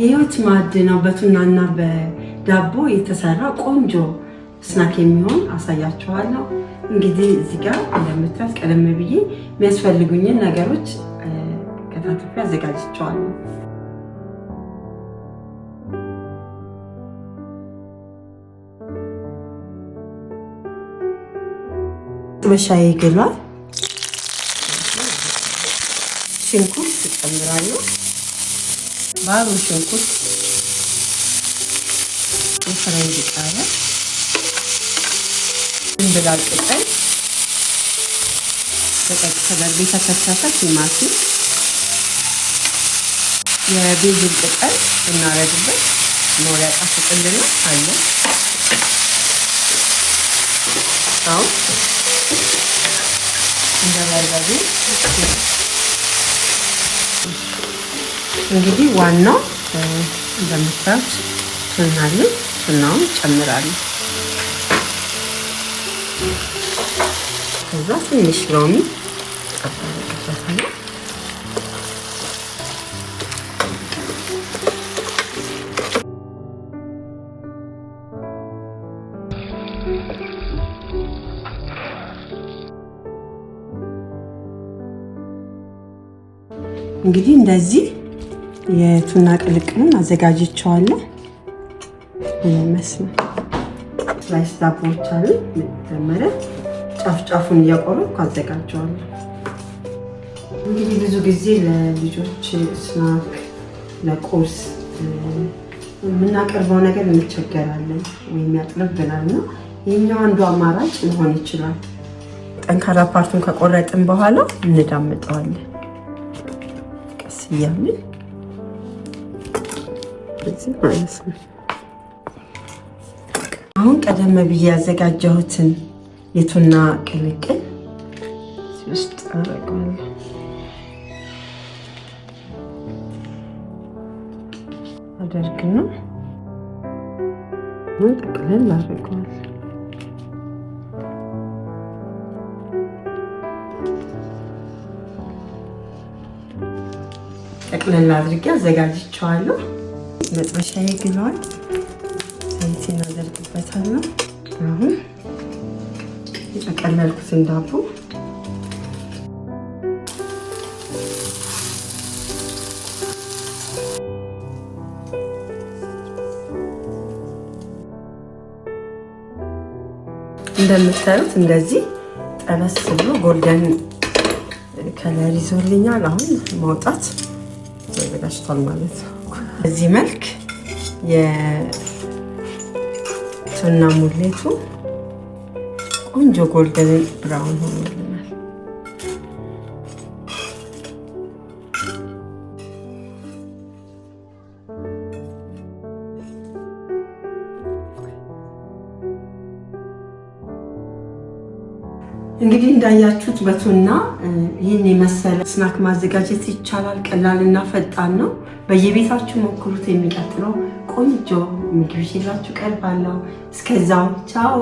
የህይወት ማዕድ ነው። በቱናና በዳቦ የተሰራ ቆንጆ ስናክ የሚሆን አሳያችኋለሁ። እንግዲህ እዚህ ጋር እንደምታዩት ቀደም ብዬ የሚያስፈልጉኝን ነገሮች ከታትፊ አዘጋጅቸዋለሁ። መሻዬ ግሏል። ሽንኩርት ጨምራለሁ። ባሮ ሽንኩርት፣ የፈረንጅ ቃሪያ፣ ድንብላል ቅጠል ተጠቅሰናል። የተከተፈ ቲማቲም፣ የቤዝል ቅጠል እናረግበት ኖሪያ ጣፍጥልና አለ አሁን እንደ እንግዲህ ዋናው እንደምታዩት ስናልን ስናውን ጨምራለሁ። ከዛ ትንሽ ሎሚ ቀባበታለሁ። እንግዲህ እንደዚህ የቱና ቅልቅልን አዘጋጅቸዋለሁ። ይመስላል ራይስ ዳቦዎች አሉ። መጀመሪያ ጫፍ ጫፉን እያቆረጥኩ አዘጋጀዋለሁ። እንግዲህ ብዙ ጊዜ ለልጆች ስናክ፣ ለቁርስ የምናቀርበው ነገር እንቸገራለን ወይም ያጥርብናል እና ይህኛው አንዱ አማራጭ ሊሆን ይችላል። ጠንካራ ፓርቱን ከቆረጥን በኋላ እንዳምጠዋለን ቀስ እያልን እንደዚህ ማለት ነው። አሁን ቀደም ብዬ ያዘጋጀሁትን የቱና ቅልቅል ውስጥ አደርገዋለሁ። አደርግና ጠቅለን አደርገዋለሁ። ጠቅለን አድርጌ አዘጋጅቸዋለሁ። መጥበሻዬ ግሏል። ዘይቴን አደርግበታለሁ። አሁን የጠቀለልኩትን ዳቦ እንደምታዩት እንደዚህ ጠበስ ብሎ ጎልደን ከለር ይዞልኛል። አሁን ማውጣት ተዘጋጅቷል ማለት ነው። በዚህ መልክ የቱና ሙሌቱ ቆንጆ ጎልደን ብራውን ሆኖ እንግዲህ እንዳያችሁት በቱና ይህን የመሰለ ስናክ ማዘጋጀት ይቻላል። ቀላል እና ፈጣን ነው። በየቤታችሁ ሞክሩት። የሚቀጥለው ቆንጆ ምግብ ይዤላችሁ ቀርባለሁ። እስከዛው ቻው።